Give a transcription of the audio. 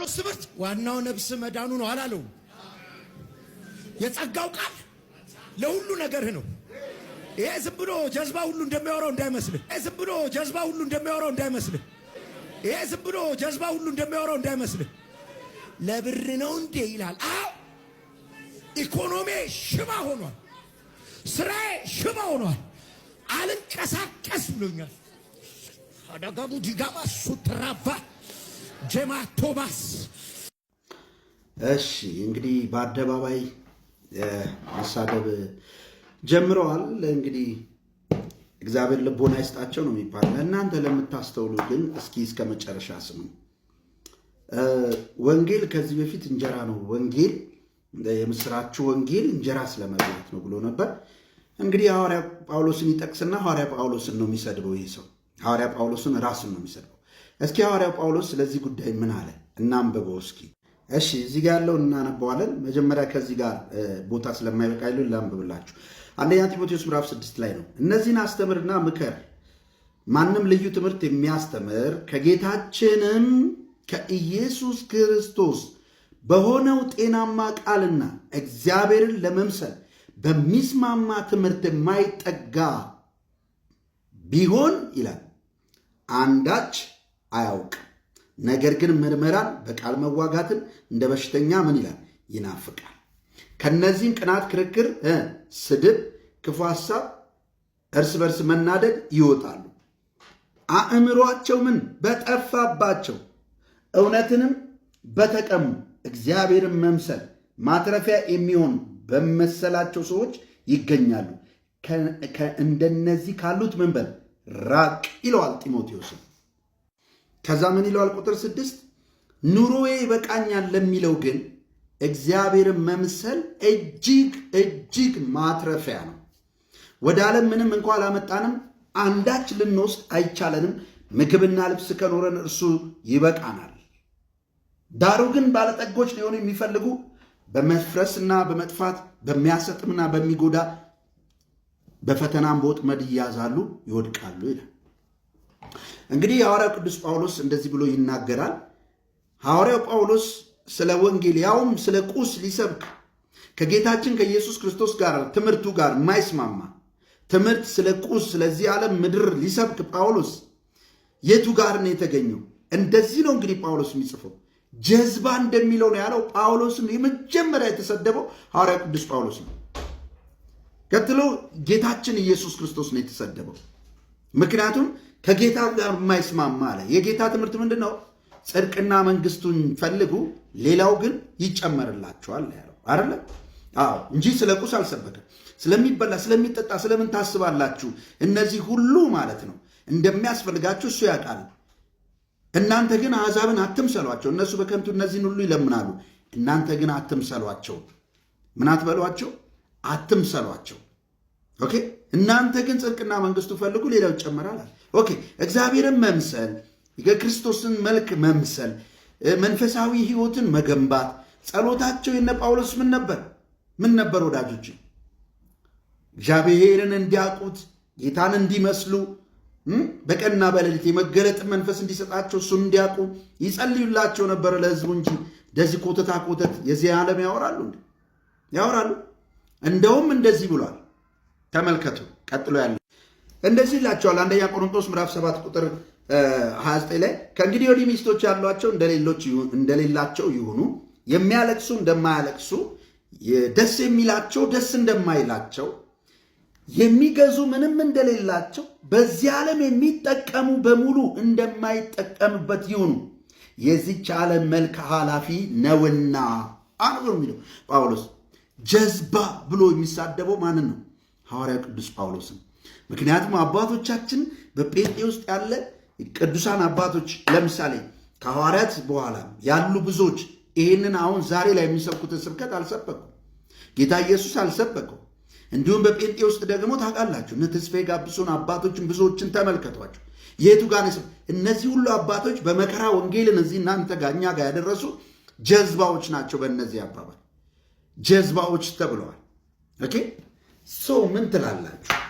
ትምህርት ዋናው ነፍስ መዳኑ ነው አላለው። የጸጋው ቃል ለሁሉ ነገርህ ነው። ይሄ ዝም ብሎ ጀዝባ ሁሉ እንደሚያወራው እንዳይመስልህ። ይሄ ዝም ብሎ ጀዝባ ሁሉ እንደሚያወራው እንዳይመስልህ። ይሄ ዝም ብሎ ጀዝባ ሁሉ እንደሚያወራው እንዳይመስልህ። ለብር ነው እንዴ ይላል። አዎ ኢኮኖሚ ሽባ ሆኗል። ስራዬ ሽባ ሆኗል። አልንቀሳቀስ ብሎኛል። አደጋሙ ዲጋማ ሱትራባ ጀማ ቶማስ። እሺ እንግዲህ በአደባባይ መሳደብ ጀምረዋል። እንግዲህ እግዚአብሔር ልቦና ይስጣቸው ነው የሚባል። ለእናንተ ለምታስተውሉ ግን እስኪ እስከ መጨረሻ ስሙ። ወንጌል ከዚህ በፊት እንጀራ ነው፣ ወንጌል የምስራቹ ወንጌል እንጀራ ስለመብላት ነው ብሎ ነበር። እንግዲህ ሐዋርያ ጳውሎስን ይጠቅስና ሐዋርያ ጳውሎስን ነው የሚሰድበው ይህ ሰው። ሐዋርያ ጳውሎስን ራስን ነው የሚሰድበው እስኪ ሐዋርያው ጳውሎስ ስለዚህ ጉዳይ ምን አለ እናንብበው እስኪ። እሺ እዚህ ጋር ያለው እናነበዋለን። መጀመሪያ ከዚህ ጋር ቦታ ስለማይበቃ ይሉን ላንብብላችሁ። አንደኛ ጢሞቴዎስ ምዕራፍ ስድስት ላይ ነው እነዚህን አስተምርና ምከር፣ ማንም ልዩ ትምህርት የሚያስተምር ከጌታችንም ከኢየሱስ ክርስቶስ በሆነው ጤናማ ቃልና እግዚአብሔርን ለመምሰል በሚስማማ ትምህርት የማይጠጋ ቢሆን ይላል አንዳች አያውቅም። ነገር ግን ምርመራን፣ በቃል መዋጋትን እንደ በሽተኛ ምን ይላል ይናፍቃል። ከነዚህም ቅናት፣ ክርክር፣ ስድብ፣ ክፉ ሐሳብ፣ እርስ በርስ መናደድ ይወጣሉ። አእምሯቸው ምን በጠፋባቸው እውነትንም በተቀሙ እግዚአብሔርን መምሰል ማትረፊያ የሚሆን በመሰላቸው ሰዎች ይገኛሉ። እንደነዚህ ካሉት ምንበል ራቅ ይለዋል ጢሞቴዎስም። ከዛ ምን ይለዋል? ቁጥር ስድስት ኑሮዬ ይበቃኛል ለሚለው ግን እግዚአብሔርን መምሰል እጅግ እጅግ ማትረፊያ ነው። ወደ ዓለም ምንም እንኳ አላመጣንም፣ አንዳች ልንወስድ አይቻለንም። ምግብና ልብስ ከኖረን እርሱ ይበቃናል። ዳሩ ግን ባለጠጎች ሊሆኑ የሚፈልጉ በመፍረስና በመጥፋት በሚያሰጥምና በሚጎዳ በፈተናም በወጥመድ ይያዛሉ፣ ይወድቃሉ ይላል። እንግዲህ ሐዋርያው ቅዱስ ጳውሎስ እንደዚህ ብሎ ይናገራል። ሐዋርያው ጳውሎስ ስለ ወንጌል ያውም ስለ ቁስ ሊሰብክ ከጌታችን ከኢየሱስ ክርስቶስ ጋር ትምህርቱ ጋር የማይስማማ ትምህርት ስለ ቁስ ስለዚህ ዓለም ምድር ሊሰብክ ጳውሎስ የቱ ጋር ነው የተገኘው? እንደዚህ ነው እንግዲህ ጳውሎስ የሚጽፈው ጀዝባ እንደሚለው ነው ያለው። ጳውሎስን የመጀመሪያ የተሰደበው ሐዋርያ ቅዱስ ጳውሎስ ነው። ቀጥሎ ጌታችን ኢየሱስ ክርስቶስ ነው የተሰደበው። ምክንያቱም ከጌታ ጋር የማይስማማ አለ። የጌታ ትምህርት ምንድን ነው? ጽድቅና መንግስቱን ፈልጉ፣ ሌላው ግን ይጨመርላቸዋል ያለው አለ። አዎ እንጂ ስለ ቁስ አልሰበከም። ስለሚበላ ስለሚጠጣ ስለምን ታስባላችሁ? እነዚህ ሁሉ ማለት ነው እንደሚያስፈልጋችሁ እሱ ያውቃል። እናንተ ግን አሕዛብን አትምሰሏቸው። እነሱ በከንቱ እነዚህን ሁሉ ይለምናሉ። እናንተ ግን አትምሰሏቸው። ምን አትበሏቸው? አትምሰሏቸው። ኦኬ እናንተ ግን ጽድቅና መንግስቱ ፈልጉ፣ ሌላው ይጨመራል። ኦኬ እግዚአብሔርን መምሰል የክርስቶስን መልክ መምሰል መንፈሳዊ ህይወትን መገንባት ጸሎታቸው የነ ጳውሎስ ምን ነበር? ምን ነበር ወዳጆች? እግዚአብሔርን እንዲያውቁት ጌታን እንዲመስሉ በቀንና በሌሊት የመገለጥን መንፈስ እንዲሰጣቸው እሱን እንዲያውቁ ይጸልዩላቸው ነበረ ለህዝቡ እንጂ እንደዚህ ኮተታ ኮተት የዚህ ዓለም ያወራሉ ያወራሉ። እንደውም እንደዚህ ብሏል ተመልከቱ። ቀጥሎ ያለ እንደዚህ ይላቸዋል። አንደኛ ቆሮንቶስ ምዕራፍ 7 ቁጥር 29 ላይ ከእንግዲህ ወዲህ ሚስቶች ያሏቸው እንደሌሎች እንደሌላቸው ይሁኑ፣ የሚያለቅሱ እንደማያለቅሱ፣ ደስ የሚላቸው ደስ እንደማይላቸው፣ የሚገዙ ምንም እንደሌላቸው፣ በዚህ ዓለም የሚጠቀሙ በሙሉ እንደማይጠቀምበት ይሁኑ፣ የዚች ዓለም መልክ ኃላፊ ነውና። አንብሩ የሚለው ጳውሎስ ጀዝባ ብሎ የሚሳደበው ማንን ነው? ሐዋርያ ቅዱስ ጳውሎስን። ምክንያቱም አባቶቻችን በጴንጤ ውስጥ ያለ ቅዱሳን አባቶች ለምሳሌ ከሐዋርያት በኋላ ያሉ ብዙዎች ይህንን አሁን ዛሬ ላይ የሚሰብኩትን ስብከት አልሰበኩም። ጌታ ኢየሱስ አልሰበከው። እንዲሁም በጴንጤ ውስጥ ደግሞ ታውቃላችሁ እነ ተስፋዬ ጋብሶን አባቶችን ብዙዎችን ተመልከቷቸው። የቱ ጋር እነዚህ ሁሉ አባቶች በመከራ ወንጌልን እዚህ እናንተ ጋር እኛ ጋር ያደረሱ ጀዝባዎች ናቸው። በእነዚህ አባባል ጀዝባዎች ተብለዋል። ኦኬ ሰው ምን ትላላችሁ?